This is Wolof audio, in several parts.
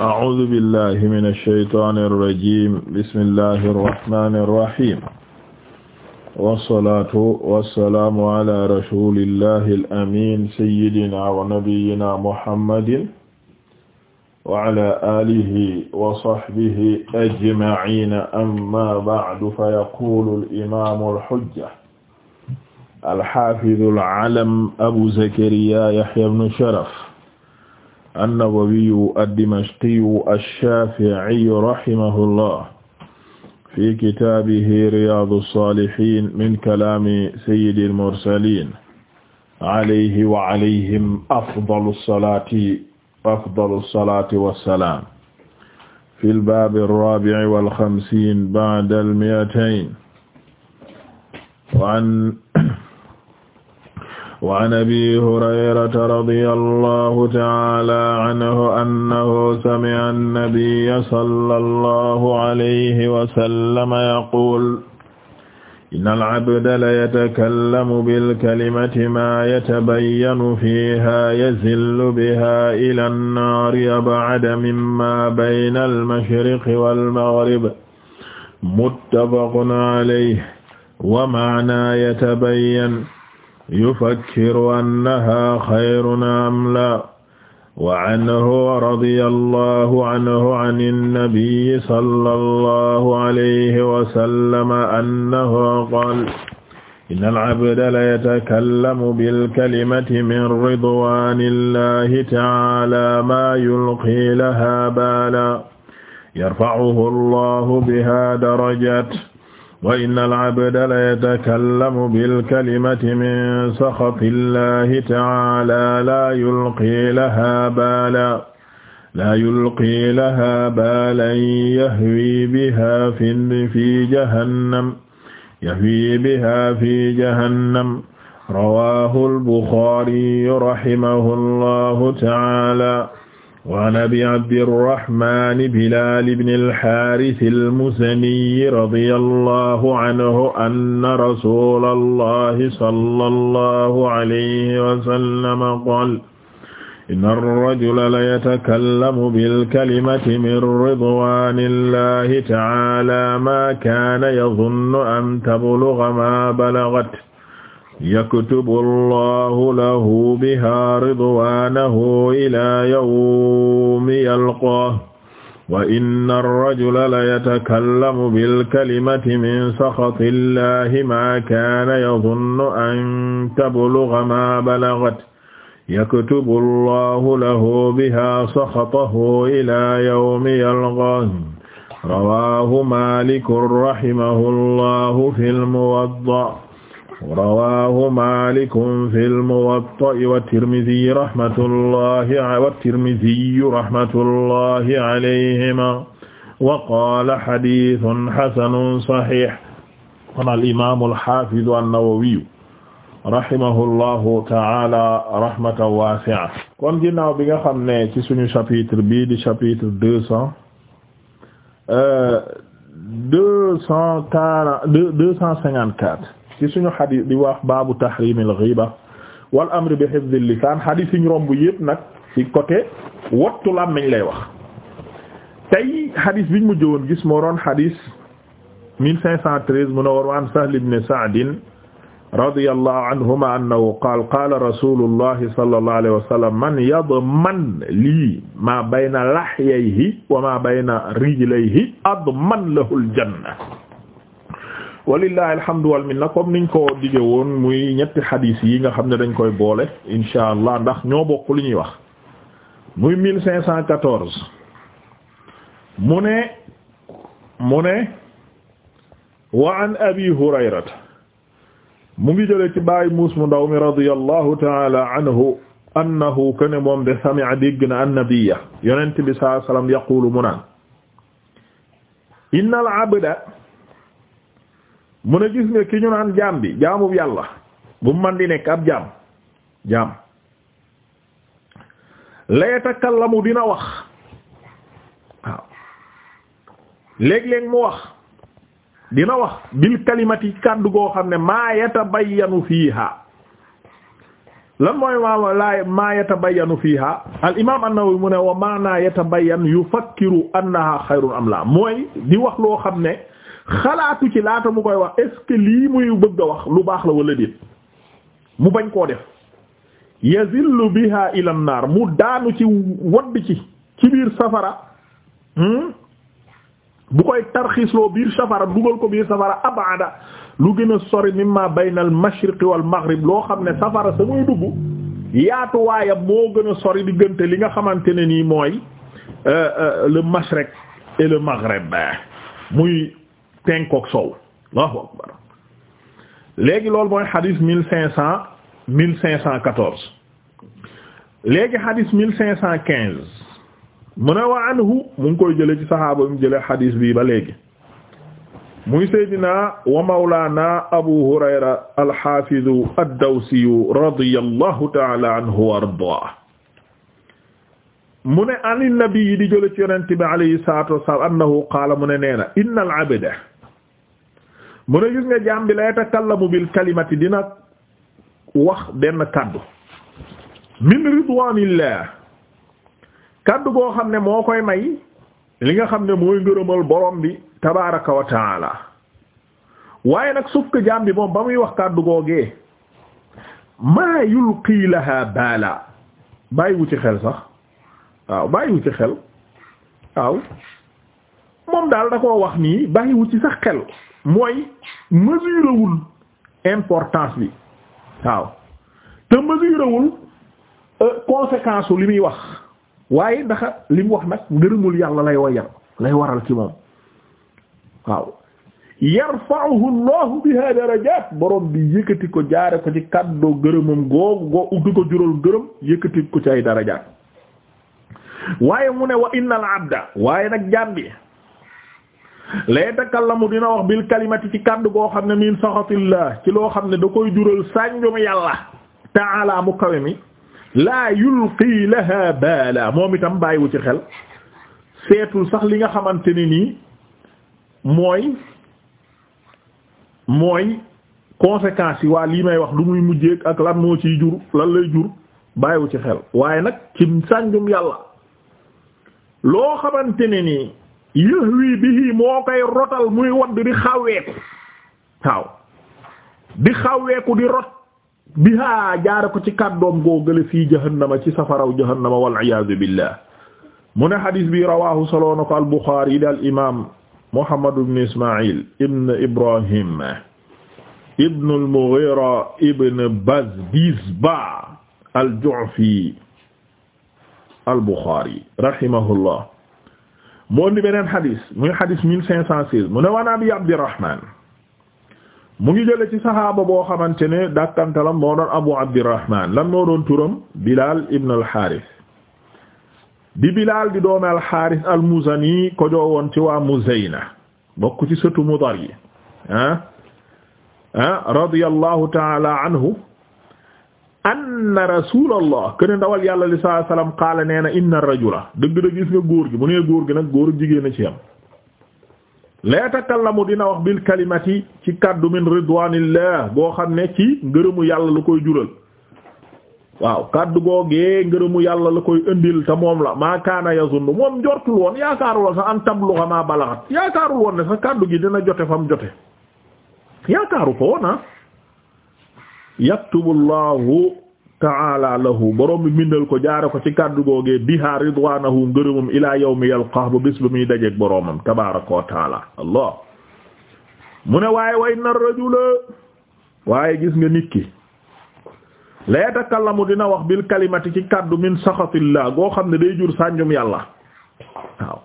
أعوذ بالله من الشيطان الرجيم بسم الله الرحمن الرحيم والصلاة والسلام على رسول الله الأمين سيدنا ونبينا محمد وعلى آله وصحبه أجمعين أما بعد فيقول الإمام الحجة الحافظ العلم أبو زكريا يحيى بن شرف an-Nawawiyu ad-Dimashqiyu ash-Shaafi'iyu rahimahullah fi kitaabihi Riyaadu s-Saalihiin min kalaami sayyidi l-mursaliin alayhi wa alayhim afdalu s-salaati afdalu s-salaati wa s-salaam fi l-baabi r-raabi'i wal-khamsiin ba'da l-mi'atayn wa an wa an abi hurayrata radiya allahu taala anhu annahu sami'a annabiyya sallallahu alayhi wa sallam yaqul inna al-abda la yatakallamu bil-kalimati ma yatabayyanu fiha yazillu biha ila an-naari ab'ada mimma bayna al-mashriqi wal-maghrib muttafaqun alayhi wa ma'na yatabayyan yufakkiru annaha xayrun am la wa anhu radiya allahu anhu an annabiyi sallallahu alayhi wa sallam annahu qaala inna al-abda la yatakallamu bil-kalimati min ridwaanillahi ta'aala maa yulqii lahaa baalan yarfa'uhu allahu bihaa darajaat wa inna al-abda la yatakallamu bil-kalimati min saxati llahi ta'aala laa yulqii lahaa baalan laa yulqii lahaa baalan yahwii bihaa fii jahannam yahwii bihaa fii jahannam rawaahu al-Buxaari rahimahu llahu ta'aala waan abi abdirrahman bilal ibn al-harith al-muzani radiyallahu anhu anna rasulallahi sallallahu alayhi wa sallam qaala inna ar-rajula layatakallamu bil-kalimati min ridwanillahi ta'ala ma kana yadhunnu an tablugha ma balagat yaktubu allahu lahu biha ridwanahu ila yawmi yalqaahu wa inna arrajula la yatakallamu bilkalimati min saxati illahi ma kaana yadunnu an tabluga ma balagat yaktubu allahu lahu biha saxatahu ila yawmi yalqaahu rawahu malikun rahimahu allahu fi lmuwadda rawaahu maalikun fil muwatta'i wa tirmiziyu rahmatullahi wa tirmiziyu rahmatullahi alayhima wa qaala hadiisun hasanun sahiih kon al imaamu al haafidu an-nawawiyu rahimahullahu ta'ala rahmatan waasi'a kon ginnaaw bi nga xam ne ci suñu chapitre bii di chapitre deux cent euh, deux cent quarante deux cent cinquante-quatre ci suñu xadis di wax baabu tahrimil ghiba wal amri bi hifzil lisaan xadis yi ñu romb yëpp nag ci côté wattu làmmiñ lay wax tey xadis biñ mu jëwoon gis moo doon xadis 1513 mu ne war an Sahl ibn Sa'd radiyallahu anhuma annahu qaala qaala rasulullahi sallallahu alayhi wa sallam man yadman lii maa bayna lahyayhi wa maa bayna rijlayhi adman lahu aljanna walillahi alhamdu wal minna comme niñ ko dige woon muy ñetti xadiis yi nga xam ne dañ koy boole insha allah ndax ñoo bokk li ñuy wax muy mille cinq wa an abi hurayrata mu ngi jële ci bàyyi muus mu ndaw mi radiyallahu taala anhu annahu kene moom de sami'a dégg na annabiyya bi sallallahu alayhi wasallam yaqulu mu mu ne gis nga ki ñu naan jaam bi jaamub yàlla bu man di nekk ab jaam jaam la yatakallamu dina wax waaw léeg-léeg mu wax dina wax bil kalimati kàddu goo xam ne maa yatabayyanu fiiha lan mooy ma la bayanu fii fiiha al imam an-Nawawi mu ne wa maana yatabayyan yufakkiru annaha xayrun am la mooy di wax loo xam ne xalaatu ci laata mu koy wax est lii muy bëgg wax lu baax la wala déet mu bañ koo def yazillu biha ila naar mu daanu ci wadd ci ci biir safara hmm? bu koy tarxiisloo biir safara dugal ko biir safara abada lu gën a sori mimma bayna al mashriq wal maghrib loo xam ne safara sa muy dugg yaatuwaayam moo gën a sori diggante li nga xamante ne nii mooy euh, euh, le mashriq et le maghrib muy fenkook sow allahu akbar léegi loolu mooy xadis mille cinq cent mille cinq cent quatorze léegi xadis mille cinq cent quinze mu ne wa anhu mu ngi koy jële ci saxaaba mu jële xadis bii ba léegi muy seydina wa mawlaana abu hurayra alxaafidu addawsiyu radiyallahu taala anhu wa ardaa mu ne an nabi yi ci yonente bi alayhi mu ne gis nga jaam bi la yatakallamu bil kalimati dina wax benn kàddu min ridwanillah kaddu goo xam ne moo koy may li nga xam ne mooy ngërëmal borom bi tabaraka wa taala waaye nag suuf ko moom ba muy wax kàddu googee maa yulqi laha baala bàyyiwu ci xel sax waaw bàyyiwu ci xel waaw moom daal da koo wax nii bàyyiwu ci sax xel mooy mesure wul importance bi waaw te mesure wul euh, conséquence li muy wax waaye ndax li wax nag ngërëmul yàlla lay wa yar lay waral ci moom waaw yarfa'uhu Allahu biha darajat borom bi yëkkati ko jaare ko ci kàddoo gërëmam googu goo uddi ko jural gërëm yëkkati ko ci ay darajaat waaye mu ne wa innal abda waaye nag jàmbi la yatakallamu dina wax bil kalimati ci kàddu goo xam ne niin min saxatillah ci loo xam ne da koy jural sànjum yàlla ta'ala mu kawe mi laa yulqi laha baala moom itam bàyyiwu ci xel seetul sax li nga xamante ni nii mooy mooy conséquences yi waa lii may wax lu muy mujjeek ak lan moo ciy jur lan lay jur bàyyiwu ci xel waaye nag ci sànjum yàlla loo xamante ne nii yahwi bihi moo koy rotal muy wadd di xaweeku waaw di xaweeku di rot bihaa jaare ko ci kàddoom goo gële fii jahannama ci safaraw jahannama wal iyaadu billah mu ne xadis bi rawaahu soloo na ko al Buxaari di al imaam Muhammad ibn Ismaa'il ibn Ibrahim ibn al Mughira ibn Bazbizba al Ju'fi al Buxaari rahimahullah moo di beneen xadis muy xadis mille cinq cent seize mu ne waan abi abdirahman mu ngi jële ci saxaaba boo xamante ne dàkkantalam moo doon abu abdirahman lan moo doon turam bilal ibn alxaaris di bilal di doomi alxaaris almuzani ko joowoon ci waa muzayna bokk ci sëtu mudar yi ah ah taala anhu anna rasulallah kene ndawal yàlla li saa salaam qaala nee na inna rajula dëgg dëgg gis nga góor gi bu nee góor gi nag góor jigéen a ci yam la takallamu dina wax bil kalimati ci kàddu min ridwanillah boo xam ne ci ngërëmu yàlla lu koy jural waaw kaddu googee ngërëmu yàlla la koy indil te moom la maa kaana yazunnu moom jortul woon yaakaarul woon sax an tabluga maa balaxat yaakaarul woon ne sax kaddu gi dina jote fam jote yaakaaru ko woon ah. yaktubu llahu ta'ala lahu borom bi bindal ko jaare ko ci kàddu googee biha ridwanahu ngërëmam ila yawmi yalqah ba bis ba muy dajeek boroomam tabaraka wa allah mu ne waaye wa inna rajula waaye gis nga nit ki la yatakallamu dina wax bil kalimati ci kàddu min saxatillah goo xam ne day jur sànjum yàlla waaw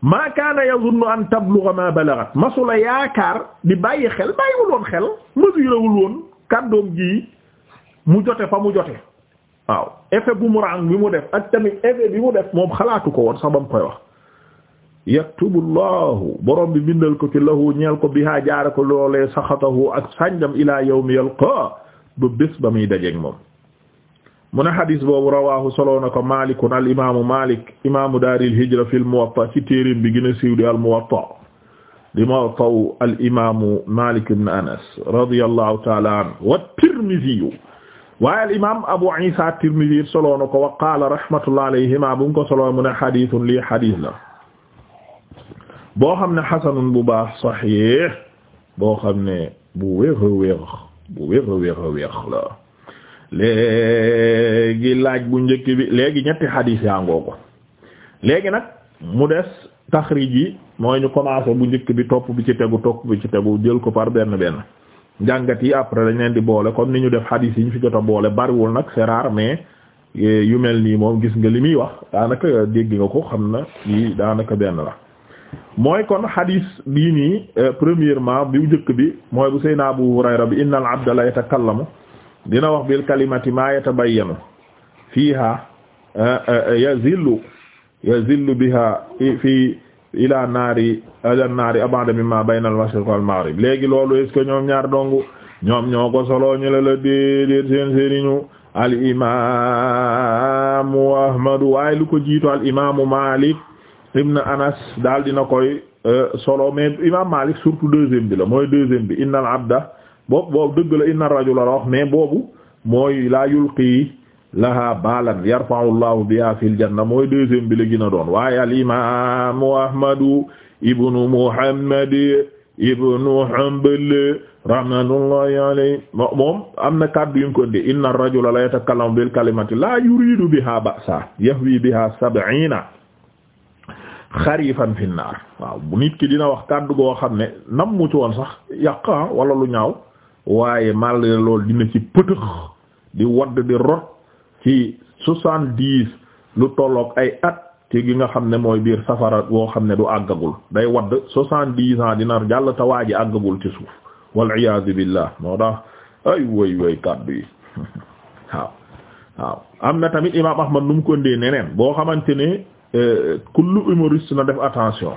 maa kaana yazunnu an tablugha ma balagat masula yaakaar di bàyyi xel bàyyiwul woon xel mesurewul woon kàddoom ji mu jote fa mu jote waaw effet boomerang bi mu def ak tamit bi mu def moom xalaatu ko woon sax koy wax yaktubu llahu borom bi bindal ko ci lahu ñeel ko bihaa jaare ko loolee saxatahu ak sànjam ila yawmi yalqa ba bés ba muy dajeeg moom mu ne xadis boobu rawaahu soloo na ko malikun al imaamu malik imaamu daaril hijra fil muwatta ci téerim bi gën a siiw di Muwatta al-imaamu Maalik ibn Anas radiyallahu ta'ala anhu wa Tirmidhi waaye al-imaam Abu Isa at-Tirmidhi solo na ko wa qaala rahmatullahi alayhima bu ko solo mu ne xadiisun lii xadiis la boo xam ne xasanun bu baax saxiix boo xam ne bu wéex a wéex bu wéex a wéex a wéex la léegi laaj bu njëkk bi léegi ñetti xadiis yaa ngoo ko léegi nag mu des taxrij yi mooy ñu commencé bu njëkk bi topp bi ci tegu topp bi ci tegu jël ko par benn benn jàngat yi après dañ leen di boole comme ni ñu def hadith yi ñu fi jot a boole bariwul nag c'est rare mais eh, yu mel nii moom gis nga li muy wax daanaka dégg nga ko xam na yi daanaka benn la mooy kon hadith bii nii eh, premièrement bi njëkk bi mooy bu sayna Abu Hurayra bi innal abda la yatakallamu dina wax bil kalimati ma yatabayyanu fiha eh, yazillu yazillu biha fii ila naari ila naari abada mimma bayna wal-maghrib léegi loolu est-ce que ñoom ñaar dong ñoo ko solo ñu la la déedéet seen al imaamu Ahmad waaye lu ko jiitu al imaamu Malik ibn Anas daal dina koy euh, solo mais imaam Malik surtout deuxième mooy deuxième bi innal abda boobu boobu dëgg la innal rajula la boobu mooy la yulqi laha balan yarfa'u llahu biha fil janna mooy deuxième la gën a doon waaye al imamu ahmadu muhammad ibnu hanbal rahmatullahi alayhi moom am na kaddu yu inna rajula la yatakallamu bil kalimati la yuridu biha ba'sa yahwi biha sab'ina xarifan fi naar waaw nit ki dina wax kaddu goo xam ne nam mu ci woon sax yàqa ah, wala lu ñaaw waaye malgré loolu dina ci pëtëx di wadd di rot ci soixante-dix lu tollook ay at ci gi nga xam ne mooy biir safara woo xam ne du àggagul day wadd soixante-dix ans dina jàll te waa ji àggagul ci suuf wal iyaazu billah moo tax ay woy woy kàddu yi waaw waaw am na tamit imaam Ahmad nu mu ko ndee neneen boo xamante ne eh, kullu humoriste na def attention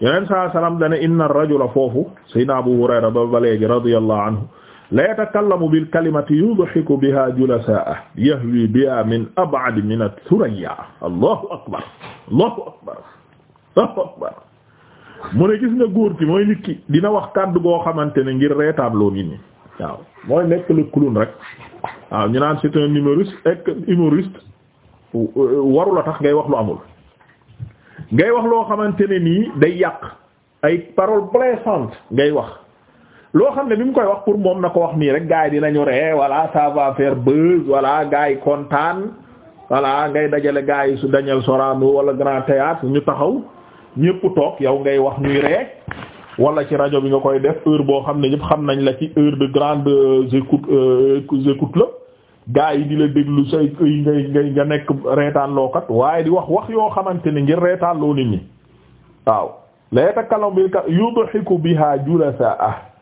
yeneen saa salaam dana inna rajula foofu sayyidina Abu Hurayra ba ba léegi radiyallahu anhu la yatakallamu bil kalimati yudhiku biha julasaahu yahwi biha min ab'ad min ath-thuraya allahu akbar akbar allahu akbar mu gis nga góor gi mooy nit dina wax kàddu goo xamante ne ngir reetaabloo nit ñi mooy nekk le clown rek naan c'est un humoriste euh, warula tax ngay wax lu amul ngay wax loo xamante ne nii day yàq ay paroles blessantes ngay wax. loo xam ne bi mu koy wax pour moom na ko wax nii rek gars yi dinañu ree voilà ça va faire buzz voilà gars yi kontaan voilà ngay dajale gaa yi su Daniel Sorano wala Grand Théâtre ñu taxaw ñépp toog yow ngay wax ñuy ree wala ci rajo bi nga koy def heure boo xam ne ñépp xam nañ la ci heure de grande écoute euh, écoute la gars yi di la déglu say nga nekk reetaanlookat waaye di wax wax yoo xamante ni ngir reetaanloo nit ñi waaw la yatakallamu bil yudhiku biha julasa'a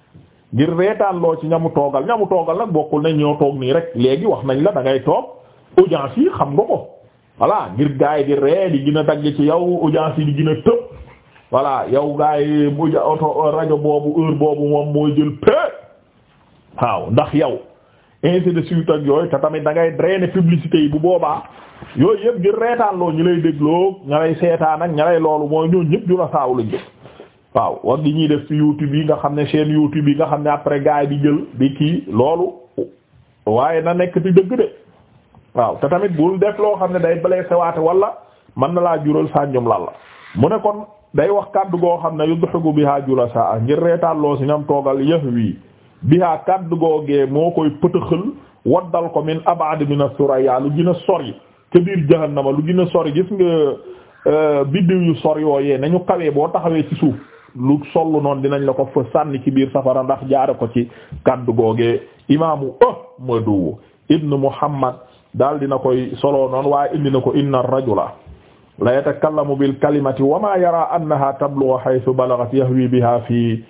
ngir reetaan loo ci ñamu toogal ñamu toogal nag bokkul nañ ñoo toog nii rek léegi wax nañ la da ngay toog audience yi xam nga ko voilà ngir gars yi di ree di gën a dagg ci yow audience yi di gën a tëb voilà yow gars yi mu rajo boobu heure boobu moom mooy jël pe waaw ndax yow ainsi de suite ak yooyu te tamit da ngay drainer publicité yi bu boobaa yooyu yëpp ngir reetaan loo ñu lay dégloo ña seetaan ak ña loolu mooy ñoo ñëpp du la saaw la jëf waaw wax di ñuy def ci YouTube yi nga xam ne seen YouTube yi nga xam ne après gars yi di jël di kii loolu waaye na nekk di dëgg de waaw te tamit bul def loo xam ne day blessé waate wala mën na laa jural sànjum lalla mu ne kon day wax kàddu goo xam ne yudhiku biha julasa ngir reetaan loo si ñam toogal yahwi kàddu goo gee moo koy pëtëxël waddal ko min abad min as-suraya lu gën a sori ca biir jahannama lu gën a sori gis nga euh, biddiw yu sori yooyee nañu kawee boo taxawee ci suuf lu sollu noonu dinañ la ko fa sànni ci biir safara ndax jaare ko ci kaddu googee imaamu Ahmadu ibn Muhammad daal dina koy solo noonu waaye indi na ko inna ar-rajula la yatakallamu bil kalimati wa ma yara annaha tablughu haythu balagat yahwi biha fi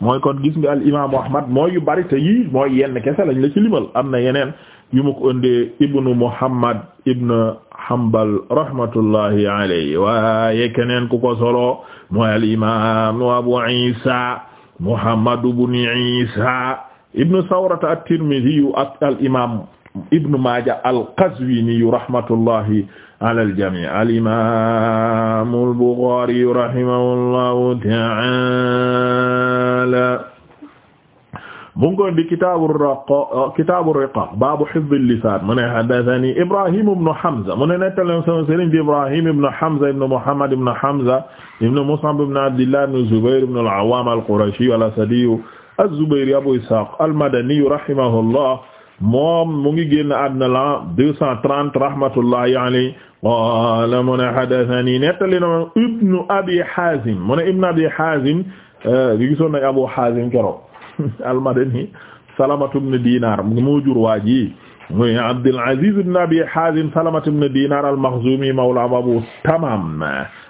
mooy kon gis nga al imaamu Ahmad mooy yu bari te yii mooy yenn kese lañ la ci limal am na yeneen bi mu ko indee ibnu Muhammad ibnu Hanbal rahmatullahi alayhi waaye keneen ku ko solo mooy al imaam Abu Isa Muhammad ibn Isa ibnu Sawrata at-Tirmidhi ak al imaam ibnu Maaja al-Qazwini rahmatullahi ala al-jamii al imaam al-Bukhari rahimahullahu ta'ala mu ngi koy indi kitaabu riqaaq kitaabu riqaaq baabu hifdil lisaan mu ne haddathanii Ibrahim ibn Hamza mu ne nettali sama sëriñ bi Ibrahim ibn Hamza ibn Muhammad ibn Hamza ibn Mus'ab ibn Abdillah ibn Zubayr ibn al-Awwaam al-Qurashi al-Asadi az-Zubayri Abu Ishaq al-Madani rahimahullah moom mu ngi génn àddina la 230 rahmatullahi alayhi qaala mu ne haddathanii nettali na ibn Abi Haazim mu ne ibn Abi Haazim euh, gisoon nañ Abu Haazim keroog al-Madani Salamatu ibn Dinar moo jur waa ji muy Abdul Aziz Abi Hazim Salamatu Dinar al mawla Abu Tamam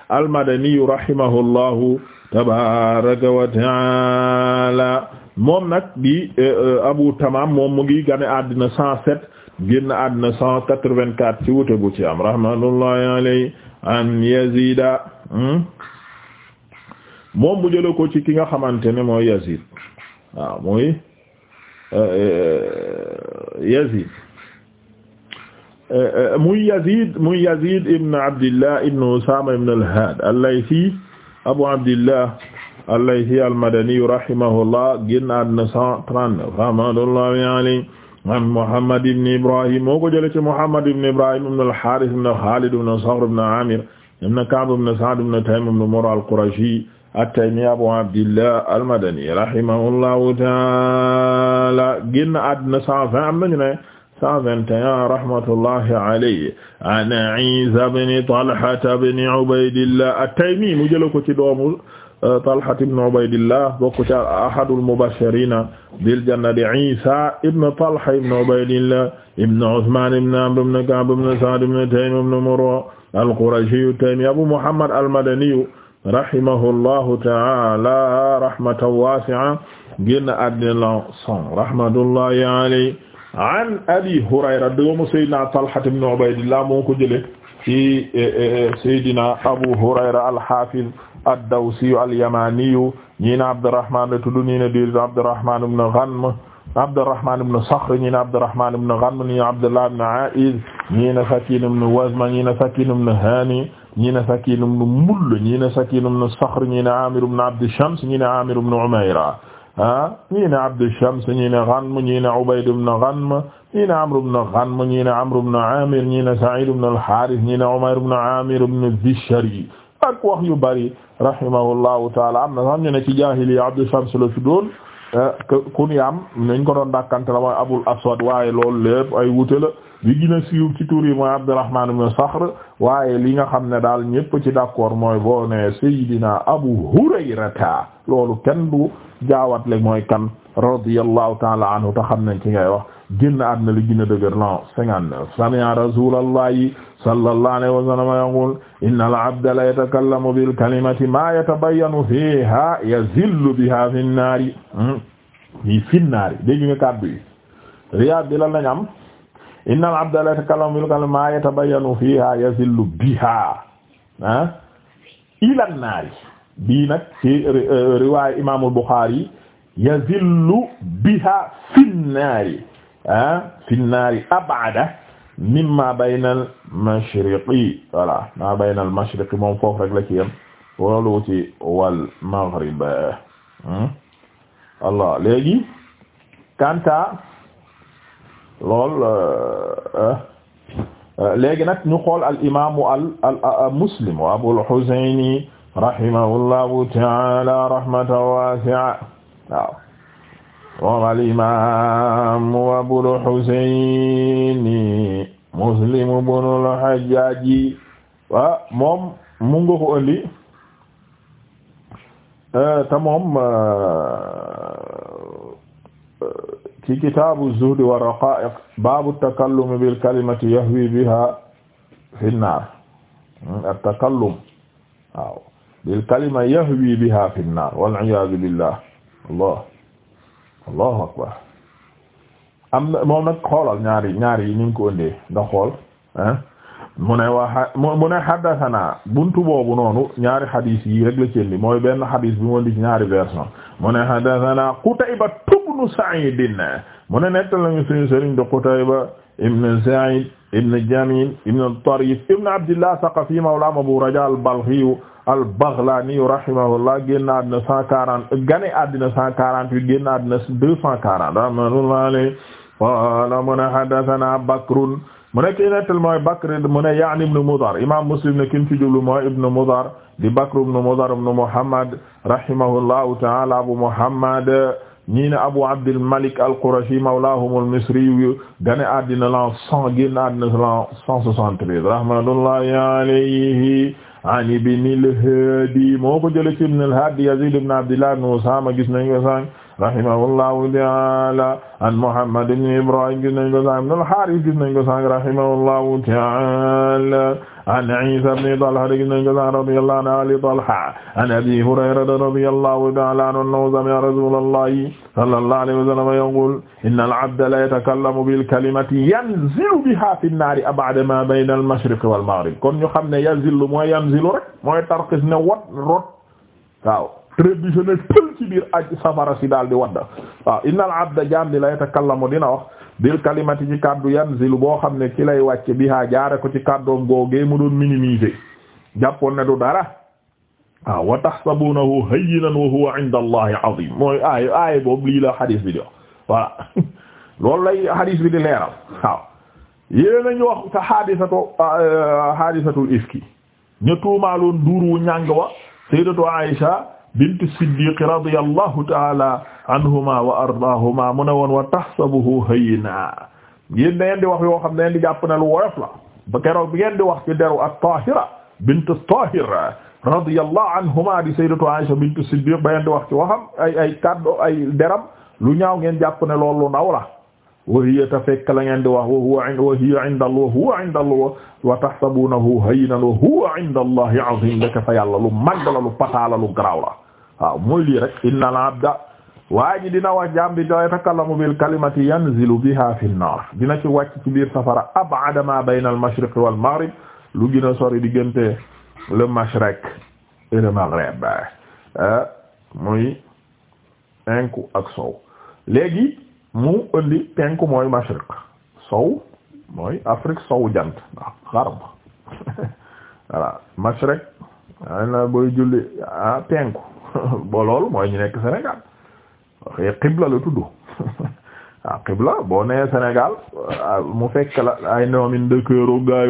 al-Madani rahimahullahu tabaraka wa taala moom nag di eh, eh, Abu Tamam moom mu ngi gane àddina 107 génn àddina 184 ci wute bu ci am rahmatullahi alayhi an Yazida hmm? moom mu jële ko ci ki nga xamante ne mooy Yazid waaw muy euh, euh, Yazid euh, muy Yazid muy Yazid ibn Abdillah ibn Usama ibn al-Had al-Laythi Abu Abdillah al-Laythi al-Madani rahimahullah génn àddina cent trente-neuf rahmatullahi alayhi an Muhammad ibn Ibrahim moo ko jëlee ci Muhammad ibn Ibrahim ibn al-Harith ibn Khalid ibn Sakhr ibn Amir ibn Ka'b ibn Sa'd ibn Taym ibn Murra al-Qurashi at-Taymi Abu Abdillah al-Madani rahimahullahu taala génn àddina cent vingt am nañu ne cent vingt et un rahmatullahi alayhi an Isa ibn Talha ibn Ubaydillah at-Taymi mu jël ko ci doomu euh, Talha ibn Ubaydillah bokk ci ahadul mubashirina bil jannati Isa ibn Talha ibn Ubaydillah ibn Uthman ibn Amr ibn Ka'b ibn Sa'd ibn Taym ibn Murra al-Qurashi at-Taymi Abu Muhammad al-Madani rahimahullahu ta'ala rahmatan wasi'a génn àddina la san rahmatullahi alayhi an abi hurayra doomu sayyidina talha ibn ubaydillah moo ko jële ci eh, eh, eh, sayyidina abu hurayra al-hafiz ad-dawsi al-yamani ñi na abdurrahman la tudd ñi na di abdurrahman ibn ghanm abdurrahman ibn sakhr ñi na abdurrahman ibn ghanm ñi na abdullah ibn a'iz ñi na sakin ibn wazma ñi na sakin ibn hani ñi ne Sakiin ibn Mull ñi ne Sakiin ibn Sakhr ñi ne Aamir ibn Abd Shams ñi ne Aamir ibn Umayra ah ñi ne Abd Shams ñi ne Ghanm ñi ne Ubayd ibn Ghanm ñi ne Amr ibn Ghanm ñi ne Amr ibn Aamir ñi ne Sa'iid ibn al-Haaris ñi ne Umayr ibn Aamir ibn Bishri ak wax yu bari rahimahullahu taala am na sax ñu ne ci jaahiliya Abd Shams la fi doon kun yaam nañ ko doon dàkkante la mooy Abul Aswad waaye loolu lépp ay wuute la li gën a siiw ci tur yi mooy Abdurrahman ibn Sakhr waaye li nga xam ne daal ñëpp ci d'accord mooy boo ne Seydina Abu Hurayrata loolu kenn du jaawatle mooy kan radiyallahu taala anhu te xam nañ ci ngay wax génn àddina li gën a dëgër lan cinquante neuf sami'a rasulallahi sallallahu alayhi wa sallam yaqul inna al-abda la kalimati ma yatabayyanu fiha yazillu biha fi nnaari yi hmm? fi nga kàddu yi Riyad bi lan lañ inna al abda la yatakallamu bil kalami ma yatabayyanu fiha yazillu biha ah ila naari bii nag ci euh, riwaaya imaamul Buxaari yazillu biha fin naari ah fin naari ab'ada mimma bayna al mashriqi voilà ma bayna al mashriqi moom foofu rek la ci yem loolu ci wal maghrib hmm? Allah léegi kanta lool euh, euh, euh, léegi nag ñu xool al imaamu al al muslim wa abul husayni rahimahullahu ta'ala rahmatan wasi'a waaw moom al imaamu abul husayni muslim ibn al hajjaji wa moom mu ngi ko andi te moom ci kitaabu zuhdi wa raqaa'iq baabu takallum bil kalimati yahwi biha fi nnaar at takallum waaw bil kalima yahwi biha fi nnaar wal iyaadu billah allah allahu akbar am na moom nag xoolal ñaari ñaari yi ñu ngi ko ëndee nga xool ah mu ne waa mu ne haddathana buntu boobu noonu ñaari hadith yi rek la ci indi mooy benn hadith bi moo ñaari version mu ne haddathana Qutayba ibn Sa'id mu ne nettal lañu suñu sëriñ de Qutayba ibn Sa'id ibn Jamil ibn Tarif ibn Abdillah Thaqafi mawla Abu Raja al-Balkhi al-Baghlani rahimahullah génn àddina cent quarante gane àddina cent quarante huit génn àddina deux cent Bakrun mu ne kii nettal mooy Bakr mu ne yaani ibnu Mudar imam Muslim ne kim ci jublu mooy ibnu Mudar di Bakr ibnu Mudar ibnu Muhammad rahimahullahu ta'ala Abu Muhammad ñii ne Abu Abdil Malik al-Qurashi mawlahum al-Misri gane addina lan cent génn addina lan cent soixante-treize rahmatullahi alayhi an ibnil Hadi moo ko jële ci ibnil Hadi Yazid ibn Abdillah ibn Usama gis nañ ko sànq rahimahullahu taala an Muhammad ibn Ibrahim gis nañ ko sànq ibn al-Harith gis nañ ko sànq rahimahullahu taala an Isa ibn Talha gis nañ ko sànq radiyallahu anhu Ali Talha an Abi Hurayrata radiyallahu taala anhu annahu sami'a rasulallahi sallallahu alayhi wa sallam yaqul inna al-abda la yatakallamu bil kalimati yanzilu biha fi an-nari ab'ada ma bayna al-mashriq wal maghrib kon ñu xam ne yanzilu mooy yanzilu rek mooy tarxis ne wat rot waaw trébuché na tël ci biir aj safara si daal di wadda waaw innal abda jaam di la yatakallamu dina wax bil kalimati ci kaddu yanzilu boo xam ne ci lay wàcce biha jaare ko ci kaddoom googee mu doon minimiser jàppoon ne du dara waaw wa tahsabunahu hayyinan wa huwa inda boobu lii la bi di wax voilà loolu lay hadis bi di leeral waaw yéena ñu wax sa hadisatu hadisatul ifki ñu tuumaaloon duur wu ñàng wa sayyidatu Aisha bint siddiq radiyallahu taala anhuma wa ardaahuma mu ne woon wa tahsabuhu hayyina yéen da ngeen di wax yoo xam ne ngeen di jàpp ne lu woyof la ba keroog bi ngeen di wax ci deru at-Tahira bint at-Tahir radiyallahu anhuma di sayyidatu Aisha bint siddiq ba ngeen di wax ci waxam ay ay kaddu ay deram lu ñaaw ngeen jàpp ne loolu ndaw la wa hiya ta fekk la ngeen di wax wa huwa wa hiya inda Allah wa huwa inda Allah wa tahsabunahu hayyinan wa huwa inda Allah azim daka fa yàlla lu màgg la lu pataala lu garaaw la waaw mooy lii rek inna abda waa ji dina wax jaam bi da yatakallamu bil biha fi an-nar dina ci wàcc ci biir safara ab'ada ma bayna al mashriq wal maghrib lu gën a sori diggante le mashriq et le maghrib ah, muy penku ak sow léegi mu indi penku mooy mashriq sow mooy Afrique sow jant ndax mashriq a ah, na booy julli ah, bo loolu mooy ñu nekk Sénégal waxee xibla la tudd ah xibla boo nee senegal ah, mu fekk la ay noomin de këro gaa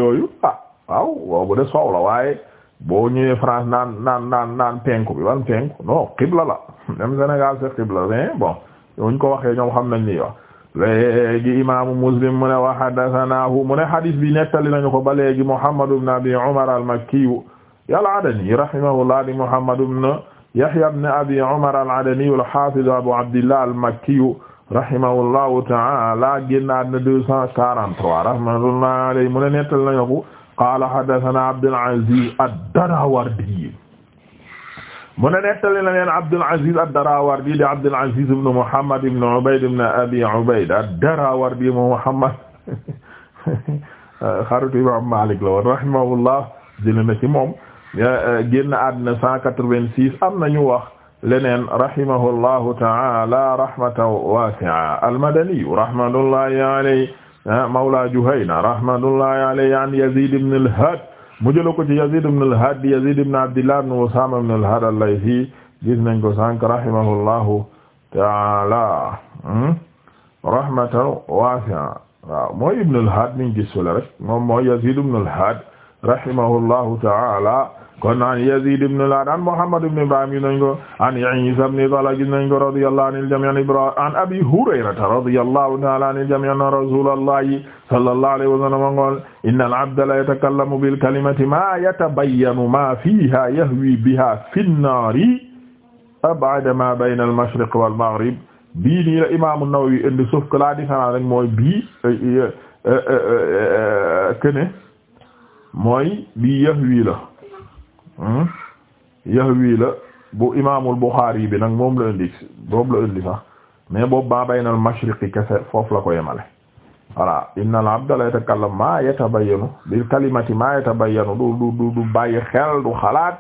ah waaw boobu de soow la waaye boo ñëwee France naan naan naan penku bi wan penku non xibla la même Sénégal c'est xibla mais bon ñu ko waxee ñoom xam nañ ni wax léegi imaamu Muslim mu ne wa haddasanaahu mu ne hadis bi nettali nañu ko ba léegi Muhammad ibn Abi Umar al-Makki al-Adani rahimahullah di Muhammad ibn Yahya ibn Abi Umar al-Adani al-Hafiz Abu Abdillah al-Makki rahimahullahu ta'ala génnaat na 243 rahmatullahi alayhi mu ne nettal nañu ko qaala haddathana Abdul Aziz ad-Darawardi mu ne nettali na leen Abdul Aziz ad-Darawardi di Abdul Aziz ibn Muhammad ibn Ubayd ibn Abi Ubayd ad-Darawardi mu Muhammad xaritu Imam Malik la woon rahimahullah jël na ci moom Eh, génn àddina 186 am na ñu wax leneen rahimahullahu ta'ala rahmatan wasi'a al-Madani rahmatullahi alayhi ah, mawla Juhayna rahmatullahi alayhi an Yazid ibn al-Had mu jël ko ci Yazid ibn al-Had Yazid ibn Abdillah ibn Usama ibn al-Had al-Laythi gis nañ ko sànq rahimahullahu ta'ala hmm? rahmatan wasi'a waaw mooy ibn al-Had mi ngi gis la rek moom mooy Yazid ibn al-Had rahimahullahu ta'ala kon an Yazid ibn al-Had an Muhammad ibn Ibrahim gis nañ ko an Isa ibn Talha gis nañ ko radiyallahu anil jami' an Ibrahim an Abi Hurayrata radiyallahu ta'ala anil jami' anna Rasulallahi sallallahu alayhi wa sallam qala innal abda la yatakallamu bil kalimati ma yatabayyanu ma fiha yahwi biha fin nari ab'ada ma bayna al-mashriq wal maghrib bii nii la Imam an-Nawawi indi sauf que la différence rek mooy bii kene euh, euh, euh, mooy bii yahwi la Hmm? yahwi la bu imaamul Buxaari bi nag moom la indi boobu la indi sax mais boobu maa baynal mashriqi kese foofu la ko yemale voilà inna al abda la yatakallam ma yatabayyanu bil kalimati ma yatabayyanu du du du du bàyyi xel du xalaat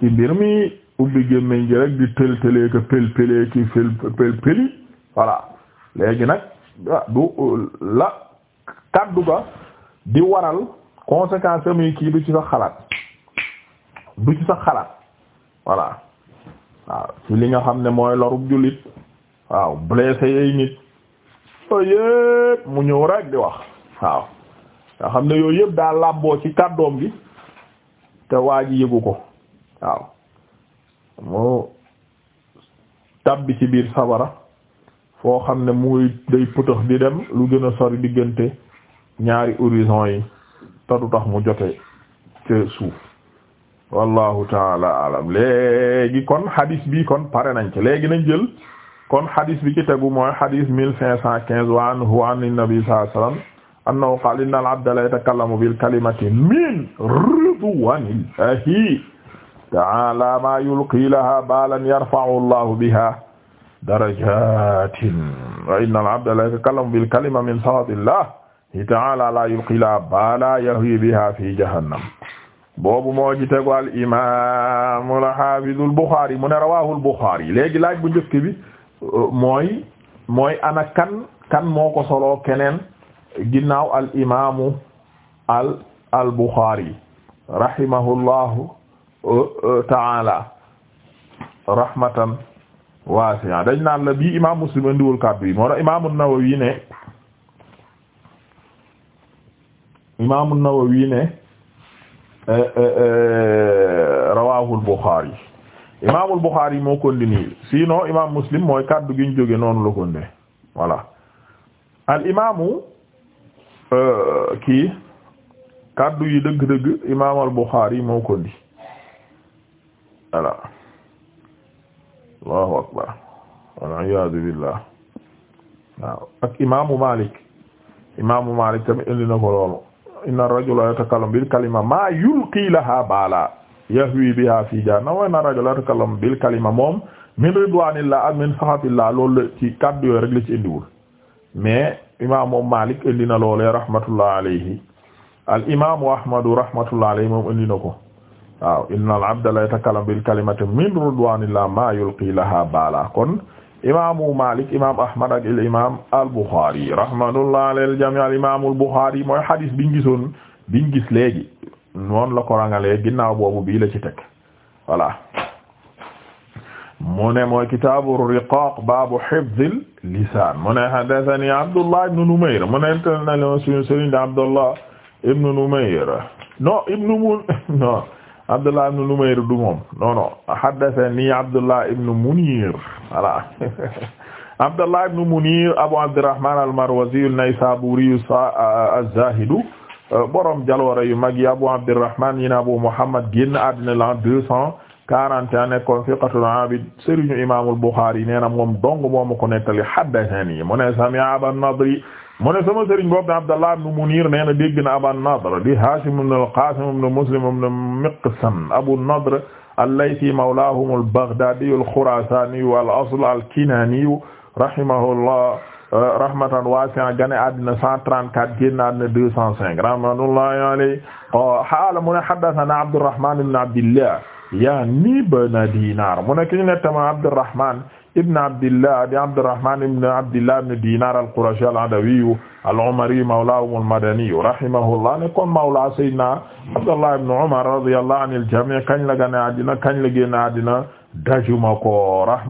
ci mbir mi ubbi gémmiñ gi rek di tël tëlee pël pëlee ki fël pël pëli voilà léegi nag ah, du la kaddu ga di waral conséquence muy kii du ci sa xalaat du ci sax xalaat voilà waaw ci li nga xam ne mooy lorub jullit waaw blessé yay nit yooyu yëpp mu ñëw rek di wax waaw nga xam ne yooyu yëpp daa làmboo ci kàddoom bi te waa ji yëgu ko waaw mu tàbbi ci biir sabara foo xam ne muy day pëtëx di dem lu gën a sori diggante ñaari horizon yi te du tax mu jote ca suuf wallahu taala alam léegi kon hadis bi kon pare nañ ci léegi nañ jël kon hadis bi ci tegu mooy hadis mille cinq cent quinze wa anhu an nabi sallallahu alayhi wasallam annahu qala inna al-abda la yatakallamu bil kalimati min ridwanillahi ta'ala ma yulqi laha balan yarfa'u Allahu biha darajatin wa inna al-abda la yatakallamu bil kalima min sakhatillahi ta'ala la yulqi laha balan yahwi biha fi jahannam boobu moo ci tegu al imaam al haafiz al Buxaari mu ne rawaahu al Buxaari léegi laaj bu njëkk bi mooy ana kan kan moo ko soloo keneen ginnaaw al imaamu al al Buxaari rahimahullahu euh, euh, taala rahmatan waasi'a dañ naan la bii imaam Muslim andiwul kàddu yi moo tax imaam an-Nawawi nawawi ne Eh, eh, eh, rawaahul Bukhari imaamul Bukhari moo ko indi nii imaam Muslim mooy kaddu gi ñu jóge noonu la ko indee voilà al imaamu kii kaddu yi dëgg-dëgg imaamul Bukhari moo ko indi Allahu akbar wal iyaadu billah waaw ak imaamu Malik imaamu Malik tamit indi na ko loolu. inna rajula yatakallamu bil kalima ma yulqi laha baala yahwi biha fi jahannam wa inna rajula yatakallamu bil kalima moom min ridwanillah ak min saxatillah loolu la ci kàddu yooyu rek la ci indiwul mais imaamu Malik indi na loolee rahmatullah alayhi al imaamu Ahmadu rahmatullah alayhi moom indi na ko waaw inna al abda la yatakallamu bil kalimati min ridwanillah ma yulqi laha baala kon. imaamu Malik imaam Ahmad ak imaam al-Bukhari rahmatullah alal jami al imaamul Bukhari mooy hadis biñ gisoon biñ gis léegi la ko rangalee ginnaaw boobu bii la ci teg voilà. mu ne mooy kitaabu riqaaq baabu hifzil lisaan mu ne haddathanii Abdullah ibn Numayr mu ne teel na leen suñu Abdullah ibn Numayr non ibn Mun Abdullah ibn Numayr du moom non non haddathani Abdullah ibn Munir voilà Abdullah ibn Munir Abu Abdurrahman al-Marwazi an-Naysaburi euh, az-Zahidu euh, borom jaloore yu mag yi Abu Abdurrahman yi na Abu Muhammad génn àddina l'an deux cent quarante et un nekkoon fiqatul abid sëriñu Imaamul Bukhari nee na moom dong moomu ko nettali haddathani mu ne sami'a Abu Nadri mu ne sama sëriñ boobu da Abdallah ibn Munir nee na dégg na Abu Nadr di Hashim ibn al-Qasim ibn Muslim ibn Miqsam Abu Nadr al-Laythi mawlahum al-Baghdadi al-Khurasani wal-asl al-Kinani rahimahullah rahmatan wasi'a gane àddina 134 génn àddina 205 rahmatullahi alayhi qaala mu ne haddathana Abdurrahman ibn Abdillah yaani ibn Dinar mu ne ki ñu ne tama Abdurrahman ibn abdillah di abdurrahman ibn abdillah ibn dinar al-qurashi al-adawi al-umari mawlahum al-madani rahimahullah ne kon mawla sayyidina abdullah ibn umar radiyallahu anil jami' kañ la gane àddina kañ la génn àddina dajuma ko